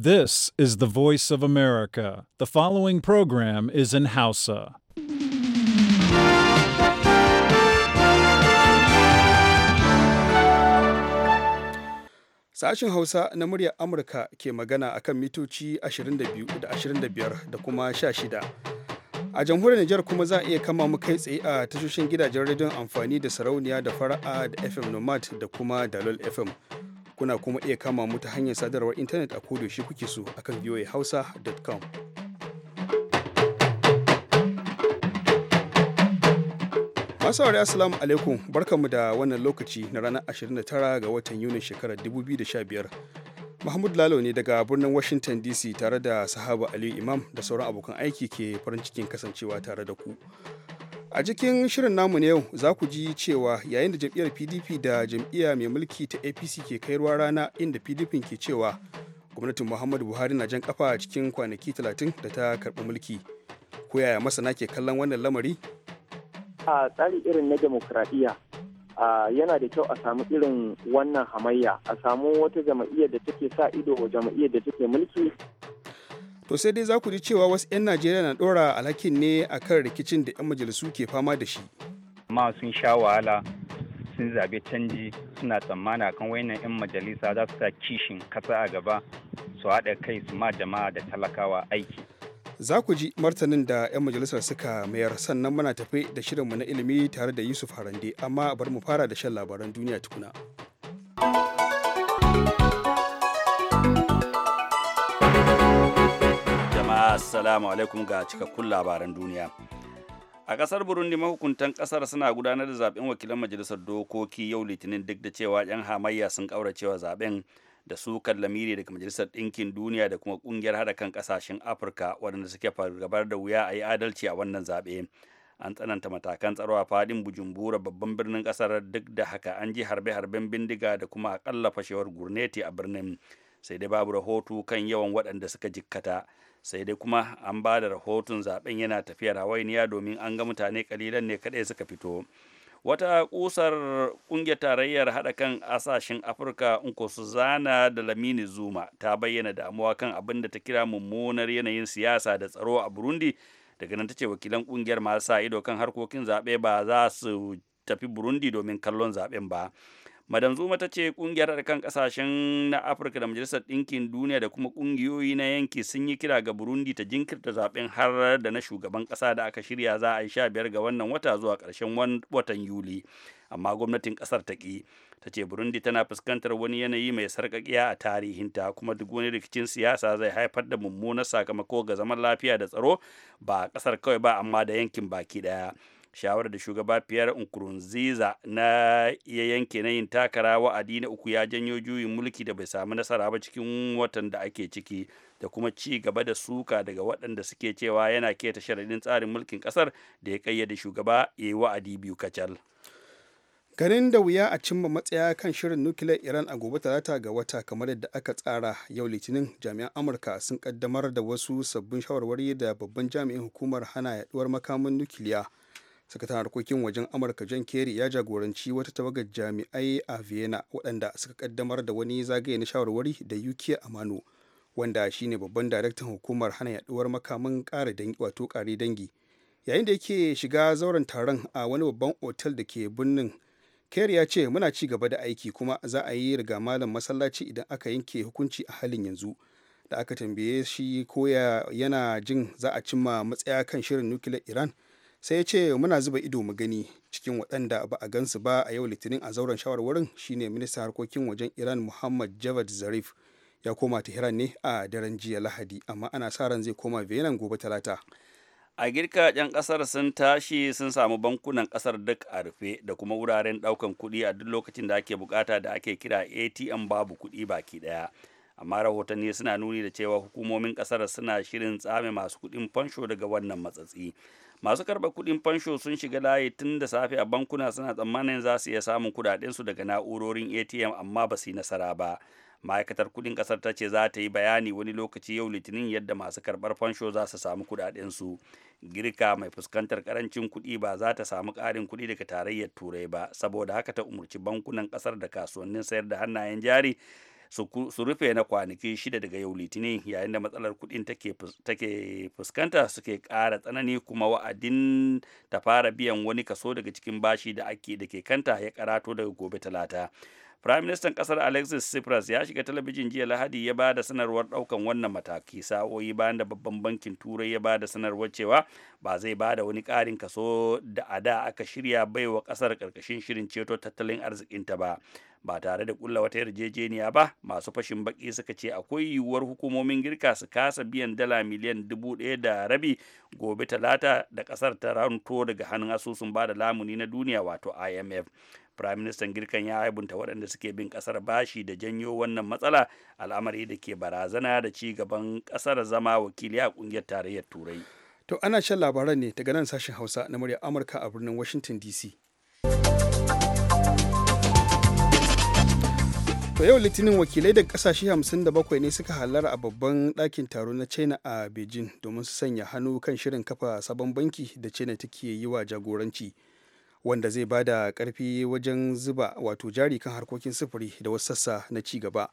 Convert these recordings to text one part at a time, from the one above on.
This is the voice of America. The following program is in Hausa. Sashen Hausa na muryar Amurka ke magana akan mitoci 22 da 25 da kuma 16. A jamhuriyar Nijar kuma za a iya kama mu kai tsaye a tashoshin gidajen rediyon amfani da sarauniya da fara'a da FM Nomad da kuma Dalol FM. kuna kuma iya kama mu ta hanyar sadarwar intanet a shi kuke so akan voahausa.com masu aure assalamu alaikum barkanmu da wannan lokaci na ranar 29 ga watan yunin shekarar 2015 mahmud lalo ne daga birnin washington dc tare da sahaba aliyu imam da sauran abokan aiki ke farin cikin kasancewa tare da ku a cikin shirin namu na yau za ku ji cewa yayin da jam'iyyar pdp da jam'iyya mai mulki ta apc ke kai ruwa rana inda pdp ke cewa gwamnatin muhammadu buhari na jan kafa a cikin kwanaki talatin da ta karɓi mulki ko yaya masana ke kallon wannan lamari a tsari irin na demokradiyya yana da kyau a samu irin wannan hamayya a samu wata jama'iyyar da take sa ido wa jama'iyyar da take mulki to sai dai za ku ji cewa wasu 'yan najeriya na ɗora alhakin ne a kan rikicin da 'yan majalisu ke fama da shi amma sun sha wahala sun zaɓi canji suna tsammana kan wayannan 'yan majalisa za su sa kishin kasa a gaba su haɗa kai su ma jama'a da talakawa aiki za ku ji martanin da 'yan majalisar suka mayar sannan muna tafe da shirin mu na ilimi tare da yusuf harande amma bari mu fara da shan labaran duniya tukuna. Assalamu alaikum ga cikakkun labaran duniya. A ƙasar Burundi mahukuntan ƙasar suna gudanar da zaben wakilan majalisar dokoki yau litinin duk da cewa 'yan hamayya sun ƙauracewa zaben da su lamiri daga majalisar ɗinkin duniya da kuma ƙungiyar haɗa kan kasashen Afirka waɗanda suke fargabar da wuya a yi adalci a wannan zaɓe. An tsananta matakan tsaro a fadin Bujumbura babban birnin ƙasar duk da haka an ji harbe-harben bindiga da kuma ƙallafa fashewar gurneti a birnin. Sai dai babu rahoto kan yawan waɗanda suka jikkata. sai dai kuma an ba da rahoton zaben yana tafiyar hawainiya domin an ga mutane kalilan ne kadai suka fito wata kusar kungiyar tarayyar haɗa kan asashen afirka zana da lamini zuma ta bayyana damuwa kan abin da ta kira mummunar yanayin siyasa da tsaro a burundi daga nan ta ce wakilan kungiyar masu sa ido kan harkokin zaɓe ba za su tafi burundi domin kallon zaɓen ba madam zuma ta ce kungiyar da kan kasashen na afirka da majalisar ɗinkin duniya da kuma kungiyoyi na yanki sun yi kira ga burundi ta jinkirta zaben har da na shugaban ƙasa da aka shirya za a yi sha biyar ga wannan wata zuwa ƙarshen watan yuli amma gwamnatin ƙasar ta ƙi ta ce burundi tana fuskantar wani yanayi mai sarƙaƙiya a tarihinta kuma duk wani rikicin siyasa zai haifar da mummunar sakamako ga zaman lafiya da tsaro ba a ƙasar kawai ba amma da yankin baki ɗaya shawarar da shugaba fiyar nkurunziza na ya yanke na yin takara wa'adi na uku ya janyo juyin mulki da bai samu nasara ba cikin watan da ake ciki da kuma ci gaba da suka daga waɗanda suke cewa yana keta sharaɗin tsarin mulkin ƙasar da ya kayyade shugaba ya yi wa'adi biyu kacal garin da wuya a cimma matsaya kan shirin nukiliyar iran a gobe talata ga wata kamar yadda aka tsara yau litinin jami'an amurka sun kaddamar da wasu sabbin shawarwari da babban jami'in hukumar hana yaduwar makamin nukiliya sakataren harkokin wajen amurka john kerry ya jagoranci wata tawagar jami'ai a vienna waɗanda suka kaddamar da wani zagaye na shawarwari da uk amano wanda shine babban daraktan hukumar hana yaduwar makaman ƙara dangi wato ƙare dangi yayin da yake shiga zauren taron a wani babban otel da ke birnin kerry ya ce muna ci gaba da aiki kuma za a yi riga malam masallaci idan aka yanke hukunci a halin yanzu da aka tambaye shi ko yana jin za a cimma matsaya kan shirin nukiliyar iran sai ya ce muna zuba ido mu gani cikin waɗanda ba a gansu ba a yau litinin a zauren shawarwarin shine ministan harkokin wajen iran muhammad javad zarif ya koma tehran ne a daren jiya lahadi amma ana sa ran zai koma vienna gobe talata a girka 'yan kasar sun tashi sun samu bankunan ƙasar duk a rufe da kuma wuraren ɗaukan kuɗi a duk lokacin da ake bukata da ake kira atm babu kuɗi baki ɗaya amma rahotanni suna nuni da cewa hukumomin ƙasar suna shirin tsame masu kuɗin fansho daga wannan matsatsi masu karɓar kuɗin fansho sun shiga layi tun da safe a bankuna suna tsammanin za su iya samun kuɗaɗensu daga na'urorin atm amma ba su yi nasara ba ma'aikatar kuɗin ƙasar ta ce za ta yi bayani wani lokaci yau litinin yadda masu karɓar fansho za su samu kuɗaɗensu girka mai fuskantar karancin kuɗi ba za ta samu karin kuɗi daga tarayyar turai ba saboda haka ta umarci bankunan ƙasar da kasuwannin sayar da hannayen jari su rufe na kwanaki shida daga yau litinin yayin da matsalar kudin take fuskanta suke kara tsanani kuma wa'adin ta fara biyan wani kaso daga cikin bashi da ake da ke kanta ya karato daga gobe talata Prime Minister kasar Alexis Tsipras ya shiga talabijin jiya Lahadi ya ba da sanarwar daukan wannan mataki sa'o'i bayan da babban bankin Turai ya ba da sanarwar cewa ba zai ba da wani karin kaso da a da aka shirya baiwa kasar karkashin shirin ceto tattalin arzikinta ba. ba tare da kulla wata yarjejeniya ba masu fashin baki suka ce akwai yiwuwar hukumomin girka su kasa biyan dala miliyan dubu ɗaya da rabi gobe talata da kasar ta ranto daga hannun asusun ba da lamuni na duniya wato imf firaministan girkan ya haibunta waɗanda suke bin kasar bashi da janyo wannan matsala al'amari da ke barazana da ci gaban kasar zama wakili a kungiyar tarayyar turai to ana shan labaran ne daga nan sashen hausa na murya amurka a birnin washington dc To yau litinin wakilai daga kasashe 57 ne suka halar a babban ɗakin taro na China a Beijing domin su sanya hannu kan shirin kafa sabon banki da China take yi wa jagoranci wanda zai bada karfi wajen zuba wato jari kan harkokin sufuri da wasu sassa na ci gaba.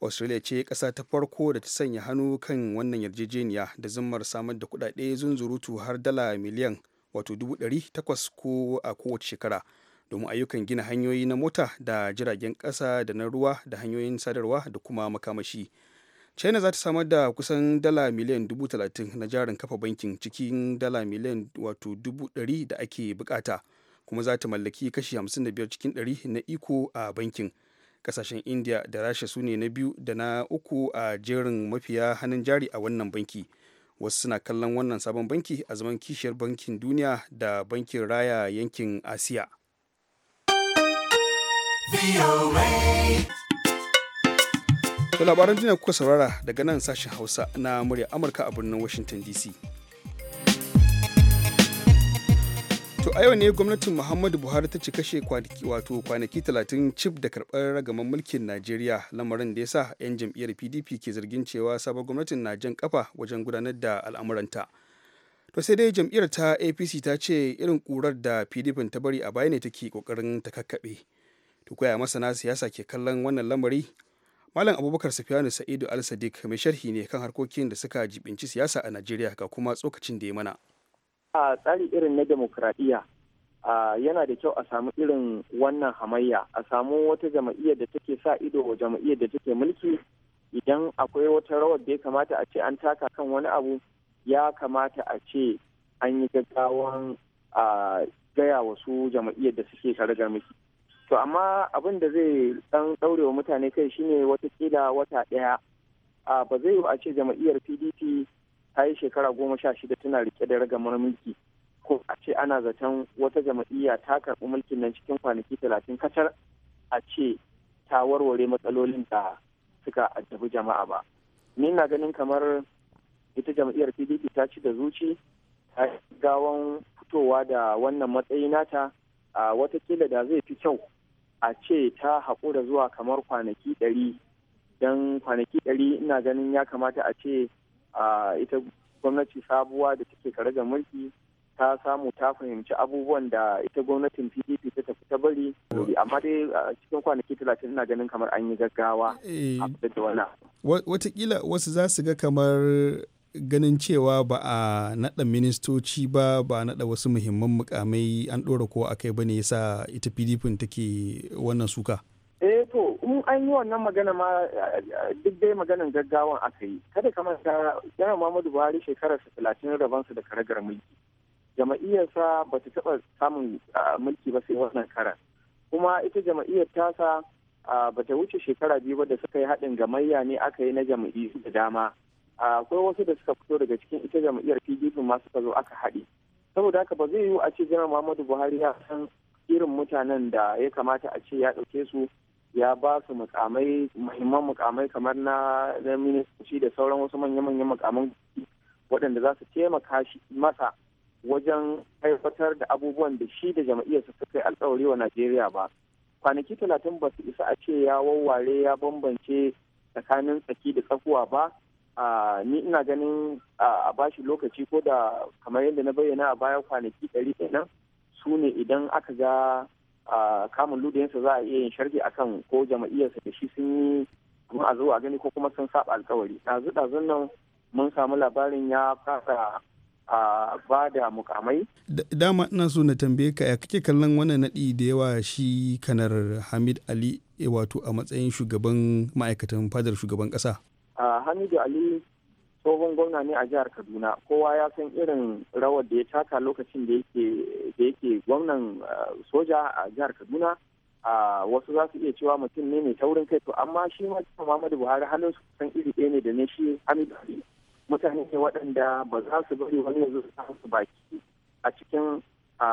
Australia ce ƙasa ta farko da ta sanya hannu kan wannan yarjejeniya da zimmar samar da kuɗaɗe zunzurutu har dala miliyan wato dubu ɗari takwas ko a kowace shekara. domin ayyukan gina hanyoyi na mota da jiragen ƙasa da na ruwa da hanyoyin sadarwa da kuma makamashi china za ta samar da kusan dala miliyan dubu talatin na jarin kafa bankin cikin dala miliyan wato dubu da ake bukata kuma za ta mallaki kashi 55 cikin dari na iko a bankin kasashen india da rasha su ne na biyu da na uku a jerin mafiya hannun jari a wannan banki wasu suna kallon wannan sabon banki a zaman kishiyar bankin duniya da bankin raya yankin asiya To labaran duniya kuka saurara daga nan sashen Hausa na murya Amurka a birnin Washington DC. To a yau ne gwamnatin Muhammadu Buhari ta ci kashe wato kwanaki 30 cif da karɓar ragaman mulkin Najeriya lamarin da ya sa 'yan jam'iyyar PDP ke zargin cewa sabon gwamnatin na jan kafa wajen gudanar da al'amuranta. To sai dai jam'iyyar ta APC ta ce irin ƙurar da PDP ta bari a baya ne take ƙoƙarin ta kakkaɓe. to koya masana siyasa ke kallon wannan lamari malam abubakar sufiyanu sa'idu al sadiq mai sharhi ne kan harkokin da suka jibinci siyasa a najeriya ga kuma tsokacin da ya mana a tsari irin na demokradiyya yana da kyau a samu irin wannan hamayya a samu wata jama'iyya da take sa ido wa jama'iyya da take mulki idan akwai wata rawar da ya kamata a ce an taka kan wani abu ya kamata a ce an yi gaggawan gaya wasu jama'iyyar da suke tare da mulki to amma abin da zai dan daurewa mutane kai shine watakila wata daya a ba zai a ce jama'iyyar pdp ta yi shekara goma sha shida tana rike da ragamar mulki ko a ce ana zaton wata jama'iyya ta karɓi mulkin nan cikin kwanaki talatin kacar a ce ta warware matsalolin da suka addabi jama'a ba ni na ganin kamar ita jam'iyyar pdp ta ci da zuci ta gawan fitowa da wannan matsayi nata a watakila da zai fi kyau a ce ta haƙura zuwa kamar kwanaki ɗari don kwanaki ɗari ina ganin ya kamata a ce ita gwamnati sabuwa da take kare da mulki ta samu ta fahimci abubuwan da ita gwamnatin pdp ta tafi ta bari amma dai cikin kwanaki talatin ina ganin kamar an yi gaggawa eh. a da wani watakila wasu za su ga kamar ganin cewa ba a naɗa ministoci ba ba a naɗa wasu muhimman mukamai an ɗora ko akai ba ne yasa ita pdp take wannan suka eh to in an yi wannan magana ma duk dai maganan gaggawan aka yi kada ka manta yana muhammadu buhari shekarar sa talatin rabansa da karagar mulki jama'iyyarsa ba ta taɓa samun mulki ba sai wannan kara kuma ita jama'iyyar tasa ba ta wuce shekara biyu ba da suka yi haɗin gamayya ne aka yi na jama'iyyu da dama akwai wasu da suka fito daga cikin ita jam'iyyar pdp masu suka aka haɗe saboda haka ba zai yiwu a ce jiran muhammadu buhari ya san irin mutanen da ya kamata a ce ya ɗauke su ya ba su mukamai muhimman mukamai kamar na ministoci da sauran wasu manya-manyan mukaman waɗanda za su taimaka masa wajen haifatar da abubuwan da shi da su suka yi alkawari wa najeriya ba kwanaki talatin ba su isa a ce ya wawware ya bambance tsakanin tsaki da tsakuwa ba ni ina ganin a bashi lokaci ko da kamar yadda na bayyana a bayan kwanaki ɗari kenan su ne idan aka ga kamun ludiyinsa za a iya yin sharhi akan ko jama'iyyarsa da shi sun yi kuma a zo a gani ko kuma sun saba alkawari ɗazu ɗazun nan mun samu labarin ya fara a ba da mukamai. Dama ina so na tambaye ka ya kake kallon wannan naɗi da yawa shi kanar Hamid Ali eh, wato a matsayin shugaban ma'aikatan fadar shugaban ƙasa. hamidu ali tsohon gwamna ne a jihar kaduna kowa ya san irin rawar da ya taka lokacin da yake gwamnan soja a jihar kaduna a wasu za su iya cewa mutum ne mai taurin kai to amma shi ma muhammadu buhari halin su san iri ɗaya ne da ne shi hamidu ali mutane ne waɗanda ba za su bari wani yanzu su baki a cikin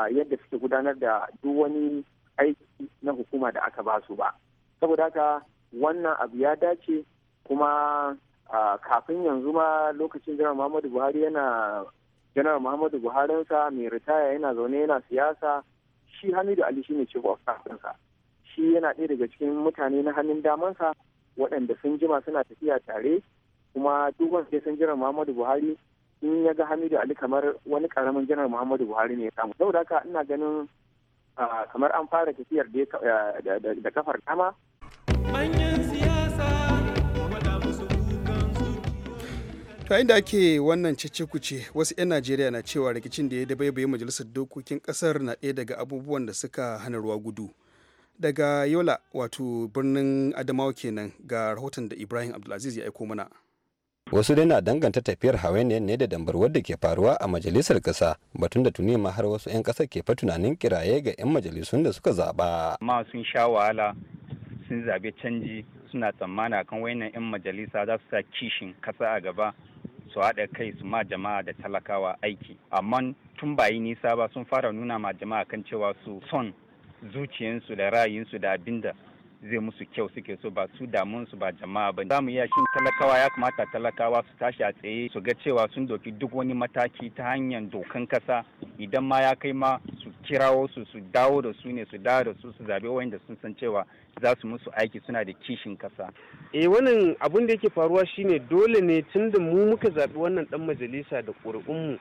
yadda suke gudanar da duk wani aiki na hukuma da aka ba su ba saboda haka wannan abu ya dace kuma kafin yanzu ma lokacin jiran muhammadu buhari yana janar muhammadu buharinsa mai ritaya yana zaune yana siyasa shi hamidu ali shine chief of sa shi yana ɗaya daga cikin mutane na hannun damansa waɗanda sun jima suna tafiya tare kuma duk wanda sun jiran muhammadu buhari in ya ga hamidu ali kamar wani karamin janar muhammadu buhari ne ya samu saboda haka ina ganin kamar an fara tafiyar da kafar kama to inda ake wannan cece-kuce wasu 'yan najeriya na cewa rikicin da ya dabaibaye majalisar dokokin kasar na ɗaya daga abubuwan da suka hana ruwa gudu daga yola wato birnin adamawa kenan ga rahoton da ibrahim abdulaziz ya aiko mana wasu dai na danganta tafiyar hawaii ne da dambar da ke faruwa a majalisar kasa batun da tuni ma har wasu 'yan kasa ke fa tunanin kiraye ga 'yan majalisun da suka zaba ma sun sha wahala sun zabe canji suna tsammana kan wayannan 'yan majalisa za su sa kishin kasa a gaba su haɗa kai su ma jama'a da talakawa aiki amma tun ba yi nisa ba sun fara nuna ma jama'a kan cewa su son zuciyarsu da ra'ayinsu da abinda zai musu kyau suke so ba su damun su ba jama'a ba za mu iya shin talakawa ya kamata talakawa su tashi a tsaye su ga cewa sun doki duk wani mataki ta hanyar dokan kasa idan ma ya kai ma su kirawo su su dawo da su ne su dawo da su su zabe wanda sun san cewa za su musu aiki suna da kishin kasa eh wannan abun da yake faruwa shine dole ne tun da mu muka zaɓi wannan dan majalisa da ƙuri'unmu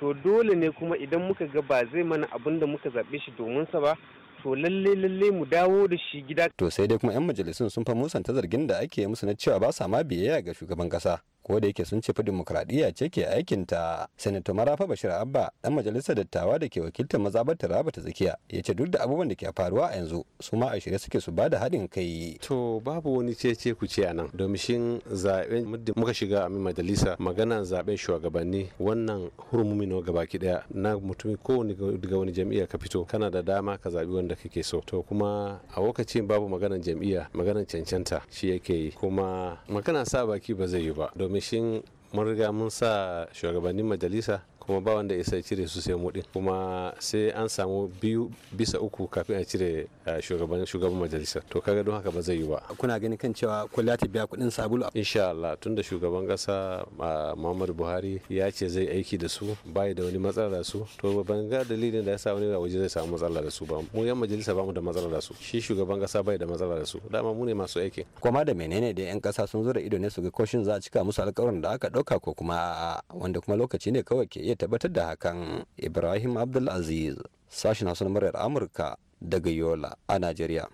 to dole ne kuma idan muka ga ba zai mana abin da muka zaɓe shi domin sa ba to lalle lalle mu dawo da shi gida to sai dai kuma yan majalisun sun fa musanta zargin da ake musu na cewa ba sa ma biyayya ga shugaban kasa ko da yake sun ce fi dimokuraɗiyya ce ke aikin ta marafa bashir abba dan majalisar dattawa da ke wakiltar mazabar taraba ta tsakiya ya ce duk da abubuwan da ke faruwa a yanzu su ma a shirye suke su bada haɗin kai to babu wani cece ku ce anan domin zaɓen muddin muka shiga a majalisa magana zaben shugabanni wannan hurmumi na gabaki daya na mutumi kowane daga wani jam'iyya ka fito kana da dama ka zaɓi wanda kake so to kuma a lokacin babu maganar jam'iyya maganan cancanta shi yake yi kuma magana sa baki ba zai yi ba domin tuni murga riga mun sa shugabannin majalisa kuma ba wanda isa cire su sai mu kuma sai an samu biyu bisa uku kafin a cire eh, shugaban shugaban majalisa to kaga don haka ba zai yi ba kuna ganin kan cewa kula ta biya kuɗin sabulu insha Allah tunda shugaban kasa eh, Muhammadu Buhari ya ce zai aiki da su bai da wani matsala da su to ban ga dalilin da ya sa wani waje zai samu matsala da su ba mu yan majalisa ba mu da matsala da su shi shugaban kasa bai da matsala da su dama mu ne masu aiki kuma da menene da yan kasa sun zo da ido ne su ga koshin za a cika musu alƙawarin da aka ɗauka ko kuma wanda kuma lokaci ne kawai ke tabbatar da hakan ibrahim abdulaziz sashen hausa na muryar amurka daga yola a najeriya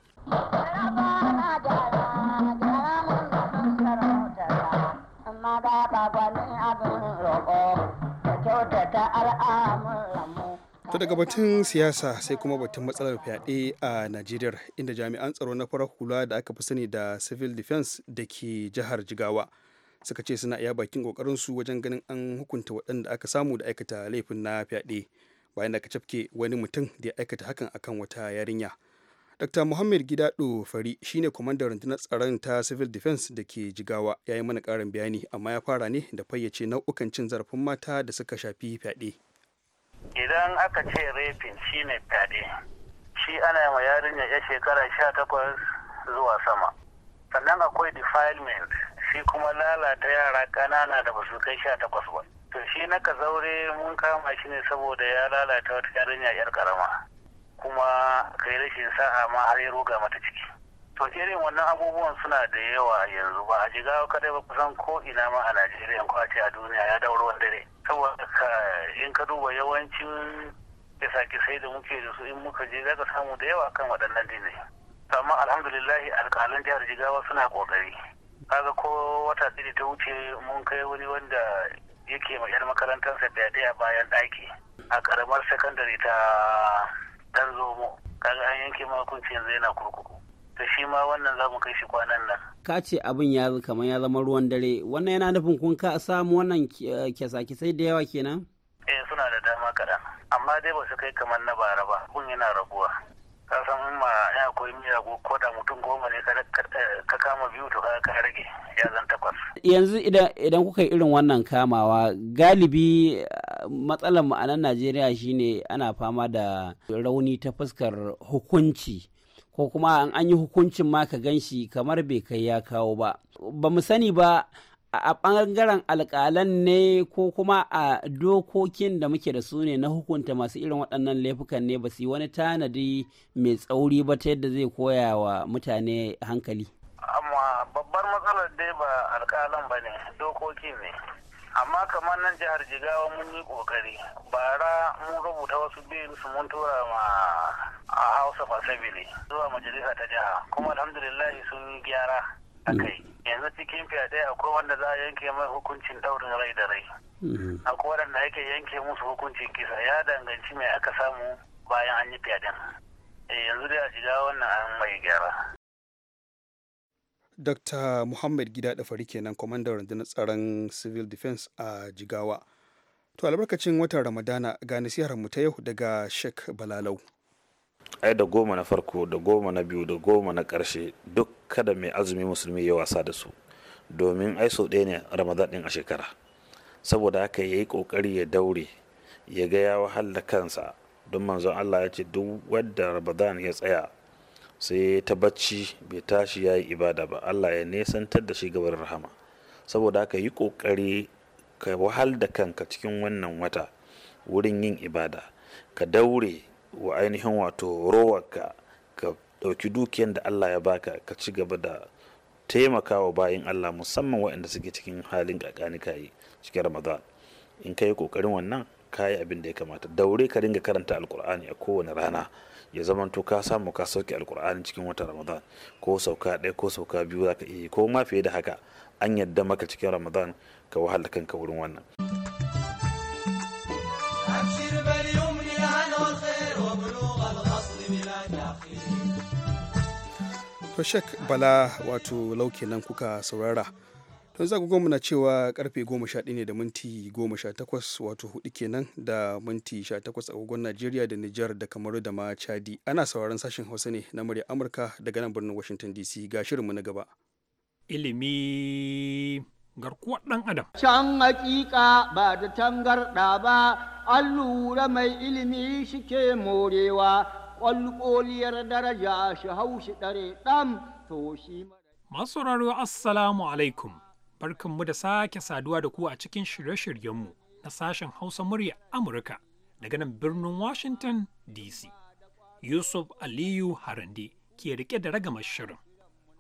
ta daga batun siyasa sai kuma batun matsalar fyaɗe a najeriya inda jami'an tsaro na farar hula da aka fi sani da civil defense da ke jihar jigawa suka ce suna iya bakin su wajen ganin an hukunta waɗanda aka samu da aikata laifin na fyaɗe bayan da aka cafke wani mutum da ya aikata hakan akan wata yarinya dr muhammad gidado fari shine kwamandan rundunar tsaron ta civil defense da ke jigawa ya yi mana karin bayani amma ya fara ne da fayyace nau'ukan cin zarafin mata da suka shafi fyaɗe idan aka ce rapin shine fyaɗe shi ana yi wa yarinya ya shekara sha takwas zuwa sama sannan akwai defilement sai kuma lalata yara kanana da basu kai sha takwas ba to shi na ka zaure mun kama shi ne saboda ya lalata wata yarinya yar karama kuma kai rashin sa'a ma har ya roga mata ciki to irin wannan abubuwan suna da yawa yanzu ba a jiga kadai ba kusan ko ina ma a najeriya ko a ce a duniya ya dauro dare saboda ka in ka duba yawancin kisa-kisai da muke da su in muka je zaka samu da yawa kan waɗannan dinai amma alhamdulillahi alƙalan jihar jigawa suna ƙoƙari kaga ko wata da ta wuce mun kai wani wanda yake ma yar makarantarsa da daya bayan ɗaki a karamar sakandare ta dan zomo kaga an yanke makunci yanzu yana kurkuku ta shi ma wannan zamu kai shi kwanan nan ka ce abin ya kamar ya zama ruwan dare wannan yana nufin kun ka samu wannan eh, kyasa-kyasai da yawa kenan eh suna da dama kaɗan amma dai ba su kai kamar na bara ba kun yana raguwa ka san ma ya koyi miya ko da mutum goma ne ka kama biyu to ka rage ya zan takwas yanzu idan kuka yi irin wannan kamawa galibi eh, matsalar ma'anar a nan Najeriya shine ana fama da rauni ta fuskar hukunci ko kuma an yi hukuncin ma ka gan shi kamar bai kai ya kawo ba ba mu sani ba a ɓangaren alƙalan ne ko kuma a dokokin da muke da su ne na hukunta masu irin waɗannan laifukan ne ba su yi wani tanadi mai tsauri ba ta yadda zai koya wa mutane hankali. amma babbar matsalar dai ba alƙalan ba ne dokoki ne amma kamar nan jihar jigawa mun yi ƙoƙari bara mun rubuta wasu biyun su mun tura ma a hausa fasabili zuwa majalisa ta jiha kuma alhamdulillah sun gyara a kai. Mm. yanzu cikin fyaɗe akwai wanda za a yanke mai hukuncin ɗaurin rai da rai mhm. akwai waɗanda ake yanke musu hukuncin kisa ya danganci mai aka samu bayan an yi fyaɗen eh, yanzu dai a shiga wannan an mai gyara Dr. Muhammad Gida Dafari kenan kwamandan rundunar tsaron Civil Defense a Jigawa. To albarkacin watan Ramadana ga nasiharar mu ta yau daga Sheikh Balalau. ai da goma na farko da goma na biyu da goma na ƙarshe duk kada mai azumi musulmi ya wasa da su domin ai sau ɗaya ne ramadan ɗin a shekara saboda haka ya yi ƙoƙari ya daure ya ga ya wahala kansa don manzon allah ya ce duk wadda ramadan ya tsaya sai ta bacci bai tashi ya yi ibada ba allah ya nesantar da shi gabar rahama saboda haka yi ƙoƙari ka wahal da kanka cikin wannan wata wurin yin ibada ka daure wa ainihin wato rowarka ka ɗauki dukiyan da Allah ya baka ka ci gaba da taimakawa bayan Allah musamman waɗanda suke cikin halin ka yi cikin Ramadan in ka yi ƙoƙarin wannan ka yi abin da ya kamata daure ka ringa karanta alkur'ani a kowane rana ya zamanto ka samu ka sauke alkur'ani cikin watan ramadan ko sauka ɗaya ko sauka biyu za ka iya ko ma fiye da haka an yadda maka cikin ramadan ka wahala kanka wurin wannan. to shek bala wato lauke nan kuka saurara don za ku na cewa karfe 11 ne da minti 18 wato hudu kenan da minti 18 agogon najeriya da nijar da kamaru da ma chadi ana sauraron sashen hausa ne na murya amurka daga nan birnin washington dc ga shirinmu na gaba ilimi garkuwar ɗan adam. Can hakika ba da tangarɗa ba, an lura mai ilimi shike morewa ƙwalƙoliyar daraja shi haushi ɗare ɗan to shi Masu sauraro Assalamu alaikum, barkanmu da sake saduwa da ku a cikin shirye-shiryenmu na sashen Hausa murya Amurka daga nan birnin Washington DC. Yusuf Aliyu Harande ke rike da ragamar shirin.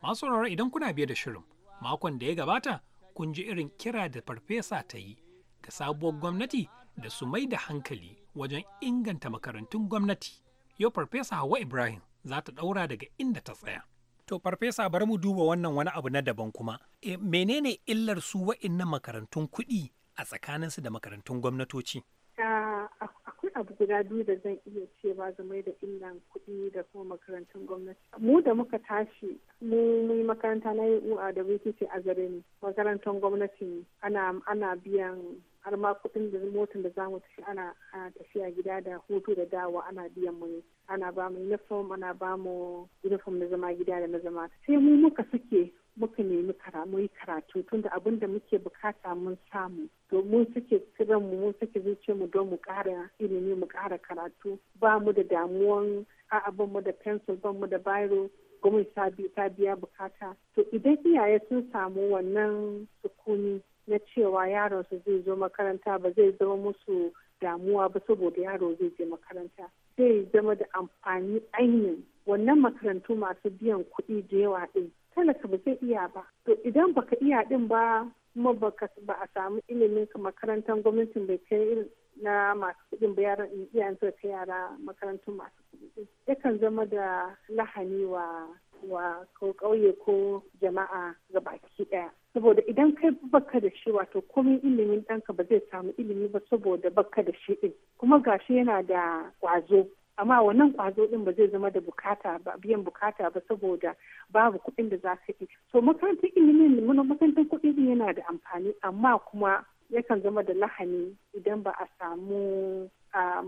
Masu sauraro idan kuna biye da shirin, makon da ya gabata kun ji irin kira da farfesa ta yi ga sabuwar gwamnati da su mai da hankali wajen inganta makarantun gwamnati yau farfesa Hawa Ibrahim za ta ɗaura daga inda ta tsaya. To farfesa bari mu duba wannan wani abu na daban kuma. E, menene illar su wa'innan makarantun kuɗi a tsakaninsu da makarantun gwamnatoci? Ah, akwai abu guda biyu da zan iya cewa game da illan kuɗi da kuma makarantun gwamnati. Mu da muka tashi mu makaranta na yi uwa da ce a gare ni makarantun gwamnati ne ana biyan har ma kuɗin da motar da zamu mu tafi ana tafiya gida da hutu da dawa ana biyan mu ne ana ba mu uniform ana ba mu uniform na zama gida da na zama sai mu muka suke muka nemi mu yi karatu tunda abin da muke bukata mun samu to mun suke kiran mu mun suke zuce mu don mu kara ilimi mu kara karatu ba mu da damuwan a ban mu da pencil ban mu da biro gwamnati ta biya bukata to idan iyaye sun samu wannan sukuni na cewa yaron su zai zo makaranta ba zai zama musu damuwa ba saboda yaro zai je makaranta zai zama da amfani ainihin wannan makarantu masu biyan kuɗi da yawa ɗin talaka ba zai iya ba to idan baka iya ɗin ba kuma ba a samu ilimin ka makarantar gwamnatin bai kai na masu kuɗin ba yaran iyayen suka kai yara makarantun masu kuɗi yakan zama da lahani wa wa ko ƙauye ko jama'a ga baki ɗaya saboda idan kai baka da shi wato komai ilimin ɗanka ba zai samu ilimi ba saboda baka da shi ɗin kuma gashi yana da ƙwazo amma wannan kwazo din ba zai zama da bukata ba biyan bukata ba saboda babu kuɗin da za ka yi so makarantar ilimin makarantar kuɗi yana da amfani amma kuma yakan zama da lahani idan ba a samu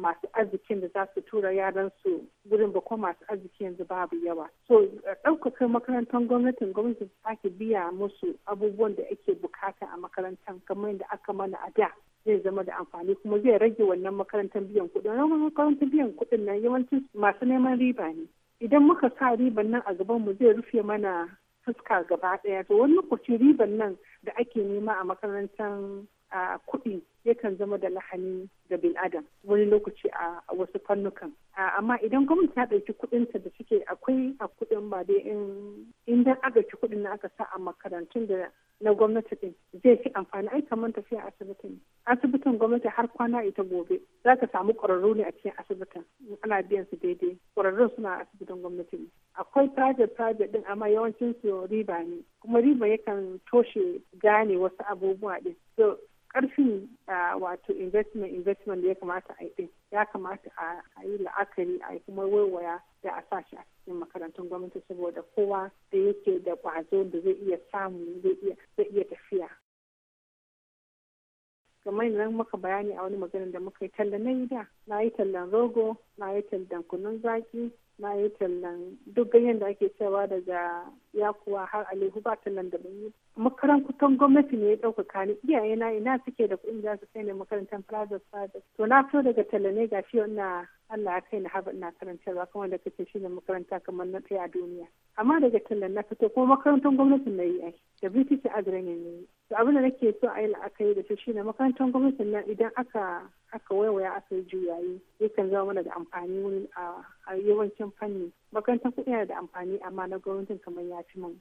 masu arzikin da za su tura yaran su wurin ba ko masu arziki yanzu babu yawa so ɗaukaka makarantar gwamnatin gwamnati su sake biya musu abubuwan da ake bukata a makarantar kamar yadda aka mana a da zai zama da amfani kuma zai rage wannan makarantar biyan kuɗin wannan makarantar biyan kuɗin nan yawancin masu neman riba ne idan muka sa riban nan a gaban mu zai rufe mana fuska gaba ɗaya to wani lokaci riban nan da ake nema a makarantar kuɗi yakan zama da lahani ga bin adam wani lokaci a wasu fannukan amma idan gwamnati ta ɗauki ta da suke akwai a kuɗin ba dai in dan aka ci kuɗin na aka sa a makarantun da na gwamnati din zai fi amfani ai kamar tafiya asibitin asibitin gwamnati har kwana ita gobe za ka samu ƙwararru ne a cikin asibitin ana biyan su daidai ƙwararrun suna asibitin gwamnati ne akwai private private ɗin amma yawancin su riba ne kuma riba yakan toshe gane wasu abubuwa din karfin ah, wato investment investment da ya kamata a yi ya kamata a yi la'akari a yi kuma waiwaya da a sashi a cikin makarantun gwamnati saboda kowa da yake da kwazo da zai iya samu zai iya tafiya kamar nan muka bayani a wani magana da muka yi talla na yi da na yi tallan rogo na yi tallan kunun zaki na yi tallan duk ganyen da ake cewa daga yakuwa har alihu ba tallan da yi makarantar gwamnati ne ya ɗaukaka ni iyaye na ina suke da kuɗin za su kai ne makarantar plaza plaza to na fito daga talla ne ga shi wannan Allah ya kai na haɓa ina karantarwa kamar da kake shi ne makaranta kamar na tsaye a duniya amma daga tallan na fito kuma makarantar gwamnati na yi ai da British Agrimen ne to abin da nake so a yi la'akari da shi ne makarantar gwamnatin nan idan aka aka waiwaya aka yi juyayi yakan zama mana da amfani wani a yawancin fanni makarantar kuɗi yana da amfani amma na gwamnatin kamar ya fi mun.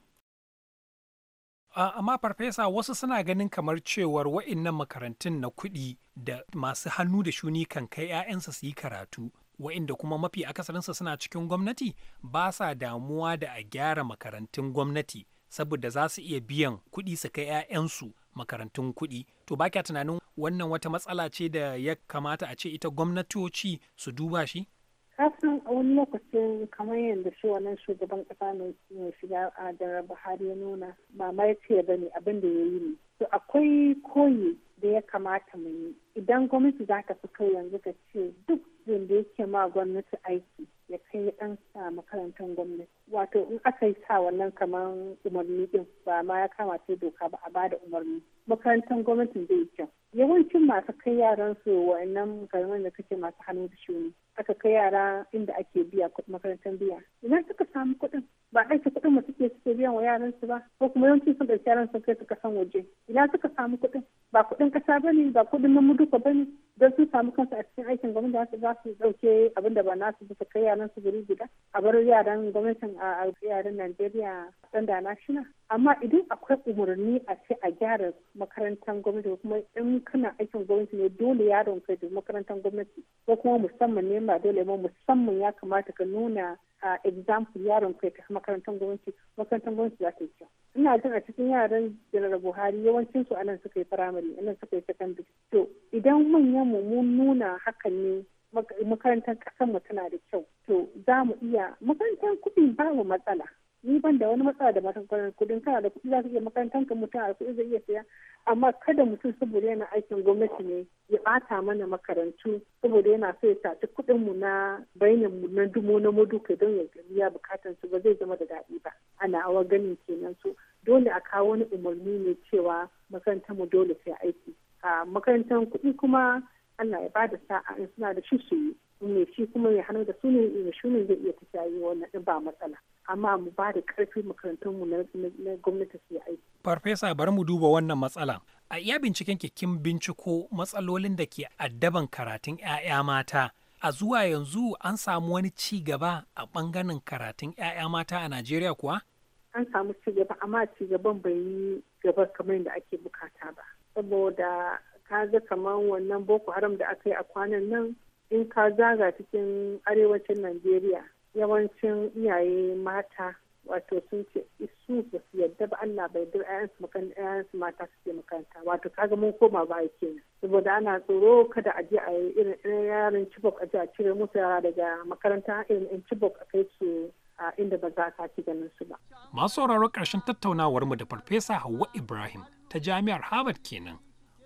amma farfesa wasu suna ganin kamar cewar wa'innan makarantun na kuɗi da masu hannu da shuni kan kai 'ya'yansa su yi karatu wa'inda kuma mafi akasarinsa suna cikin gwamnati ba sa damuwa da a gyara makarantun gwamnati saboda za su iya biyan kuɗi su kai 'ya'yansu makarantun kuɗi to ba kya tunanin wannan wata matsala ce da ya kamata a ce ita gwamnatoci su duba shi kafin a wani lokacin kamar yadda shi wannan shugaban kasa mai shiga a jarar buhari ya nuna ba mai ce ba ne abin da ya yi ne to akwai koyi da ya kamata mu yi idan gwamnati za ka fi kai yanzu ka ce duk da yake ma gwamnati aiki ya kai ya dan makarantar gwamnati wato in aka yi sa wannan kamar umarni din ba ma ya kama sai doka ba a bada umarni makarantar gwamnati zai kyau yawancin masu kai yaran su wa'annan karamar da kake masu hannu da ne aka kai yara inda ake biya makarantar biya ina suka samu kuɗin ba aiki kuɗin mu suke suke biyan wa yaran su ba ko kuma yawancin sun ɗauki yaran sun kai su kasan waje ina suka samu kuɗin ba kuɗin ƙasa ba ne ba kuɗin na ba ne don sun samu kansu a cikin aikin gwamnati za su ɗauke abin da ba nasu su su kai yaran su guri guda a bar yaran gwamnatin a yaran Najeriya ɗan da na shina amma idan akwai umarni a ce a gyara makarantar gwamnati ko kuma in kana aikin gwamnati ne dole yaron kai da makarantar gwamnati ko kuma musamman ne ba dole ba musamman ya kamata ka nuna a example yaron kai ta makarantar gwamnati makarantar gwamnati za ta yi kyau ina jin a cikin yaran janar buhari yawancin su anan suka yi firamare anan suka yi secondary to idan manyan mu mun nuna hakan ne makarantar kasan mu tana da kyau to za mu iya makarantar kuɗi babu matsala ni ban da wani matsala da masu kwanar kudin kana da kudi za ka iya makarantar ka mutum a kudi zai iya siya amma kada mutum saboda yana aikin gwamnati ne ya bata mana makarantu saboda yana so ya saci kudin mu na bainin mu na dumo na maduka don ya biya bukatan su ba zai zama da daɗi ba ana awa ganin kenan su dole a kawo wani umarni ne cewa makarantar mu dole sai aiki a makarantar kuɗi kuma Allah ya bada sa'a in suna da shi su yi mai shi kuma ya hana da su ne shi ne zai iya tafiya yi wannan ba matsala amma mu ba da ƙarfi makarantunmu na gwamnati su yi aiki. Farfesa bari mu duba wannan matsala. A iya binciken kin binciko matsalolin da ke addaban karatun 'ya'ya mata. A zuwa yanzu an samu wani ci gaba a ɓangaren karatun 'ya'ya mata a Najeriya kuwa? An samu ci gaba amma ci gaban bai yi gaba kamar da ake bukata ba. Saboda ka ga kamar wannan Boko Haram da aka yi a kwanan nan in ka zaga cikin arewacin Najeriya yawancin iyaye mata wato sun ce su ba su yadda ba Allah bai dur ayansu ayansu mata su ke makaranta wato kaga mun koma ba a kenan saboda ana tsoro kada a je a yi irin yaran cibok a je a cire musu yara daga makaranta irin in cibok a kai su a inda ba za a ci ganin su ba. Masu sauraron ƙarshen tattaunawar mu da Farfesa Hauwa Ibrahim ta Jami'ar Harvard kenan.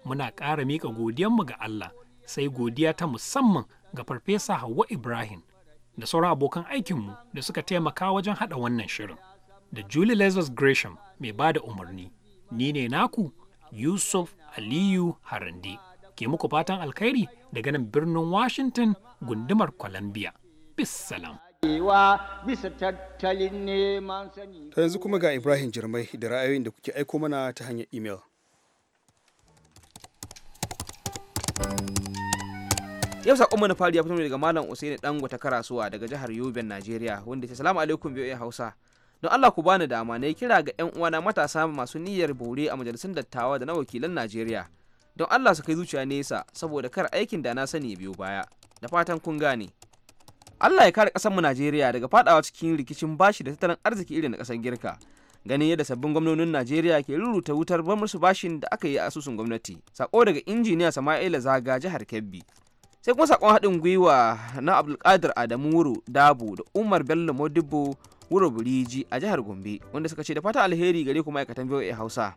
Muna ƙara miƙa mu ga Allah sai godiya ta musamman ga Farfesa Hauwa Ibrahim da sauran abokan aikinmu da suka taimaka wajen haɗa wannan shirin. Da Julie Lazarus Gresham mai ba da umarni, ni ne naku Yusuf Aliyu Harande. Ke muku fatan alkhairi daga nan birnin Washington gundumar Columbia. Bissalam. bisa tattalin neman Ta yanzu kuma ga Ibrahim Jirmai da ra'ayoyin da kuke aiko mana ta hanyar imel. yau sakonmu na fari ya fito daga malam usaini dango ta karasuwa daga jihar yobe najeriya wanda ya salamu alaikum biyu hausa don allah ku bani dama na kira ga yan uwana matasa masu niyyar bore a majalisun dattawa da na wakilan najeriya don allah su kai zuciya nesa saboda kar aikin da na sani biyu baya da fatan kun gane allah ya kare mu najeriya daga fadawa cikin rikicin bashi da tattalin arziki irin na ƙasar girka ganin yadda sabbin gwamnonin najeriya ke rurruta wutar bar bashin da aka yi a asusun gwamnati sako daga injiniya sama'ila zaga jihar kebbi sai kuma sakon haɗin gwiwa na abdulkadir adamu wuro dabo da umar bello modibo wuro buriji a jihar gombe wanda suka ce da fata alheri gare ku ma'aikatan voa hausa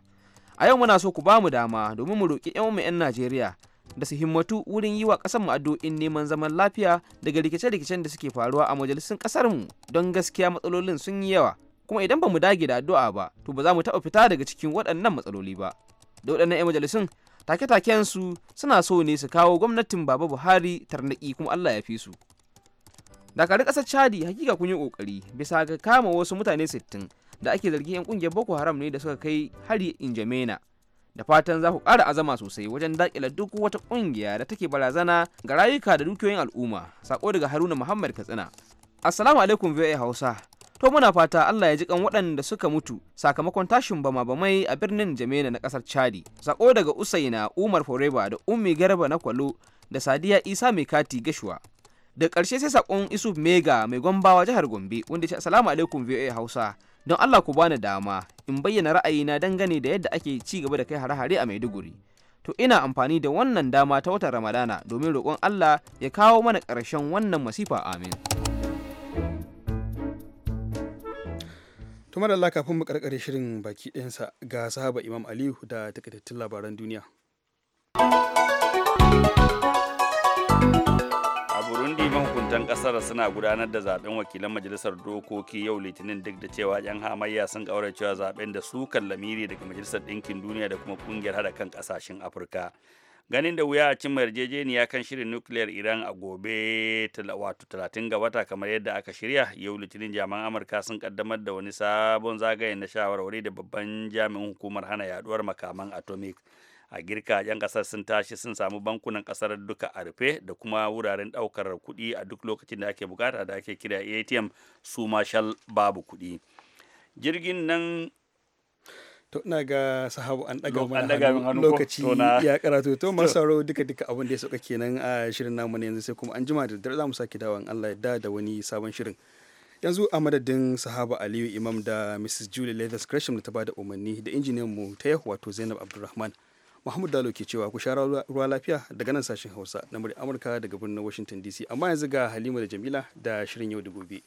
a yau muna so ku bamu dama domin mu roƙi yan mu yan najeriya da su himmatu wurin yi wa ƙasar mu addu'in neman zaman lafiya daga rikice-rikicen da suke faruwa a majalisun ƙasar mu don gaskiya matsalolin sun yi yawa kuma idan ba mu dage da addu'a ba to ba za mu taɓa fita daga cikin waɗannan matsaloli ba da waɗannan 'yan majalisun take-taken su suna so ne su kawo gwamnatin baba buhari tarnaƙi kuma allah ya fi su dakarun ƙasar chadi hakika kun yi ƙoƙari bisa ga kama wasu mutane 60 da ake zargi 'yan ƙungiyar boko haram ne da suka kai hari in injamena da fatan za ku ƙara azama sosai wajen daƙila duk wata ƙungiya da take barazana ga rayuka da dukiyoyin al'umma sako daga haruna muhammad katsina assalamu alaikum voa hausa to muna fata Allah ya ji kan waɗanda suka mutu sakamakon tashin bama bamai a birnin Jamena na ƙasar Chadi sako daga Usaina Umar Forever da Ummi Garba na Kwalo da Sadiya Isa mai kati Gashuwa da ƙarshe sai sakon Isuf Mega mai Gombawa jihar Gombe wanda ya ce assalamu alaikum VOA Hausa don Allah ku bani dama in bayyana ra'ayina dangane da yadda ake ci gaba da kai hare-hare a Maiduguri to ina amfani da wannan dama ta watan Ramadana domin roƙon Allah ya kawo mana ƙarshen wannan masifa amin to Allah kafin mu karkare shirin baki ɗayansa ga sahaba imam aliyu da takaitattun labaran duniya a burundi mahukuntan kasar suna gudanar da zaben wakilan majalisar dokoki yau litinin duk da cewa yan hamayya sun kaura cewa zaben da su lamiri daga majalisar ɗinkin duniya da kuma kungiyar hada kan kasashen afirka ganin da wuya a cimma yarjejeniya kan shirin nukiliyar iran a gobe wato 30 ga wata kamar yadda aka shirya yau litinin jami'an amurka sun kaddamar da wani sabon zagaye na shawarwari da babban jami'in hukumar hana yaduwar makaman atomic a girka yan kasar sun tashi sun samu bankunan kasar duka a rufe da kuma wuraren daukar kuɗi a duk lokacin da ake bukata da ake kira atm su ma mashal babu kuɗi jirgin nan to ina ga sahabu an daga mana hannu lokaci ya karatu to masaro duka duka abin da ya sauka kenan a shirin namu ne yanzu sai kuma an jima da dare za mu sake dawo Allah ya da da wani sabon shirin yanzu a madadin sahaba aliyu imam da mrs julie leathers gresham da ta bada umarni da injiniyan mu ta yahu wato zainab abdulrahman muhammad dalo ke cewa ku sha ruwa lafiya daga nan sashen hausa na murya amurka daga birnin washington dc amma yanzu ga halima da jamila da shirin yau da gobe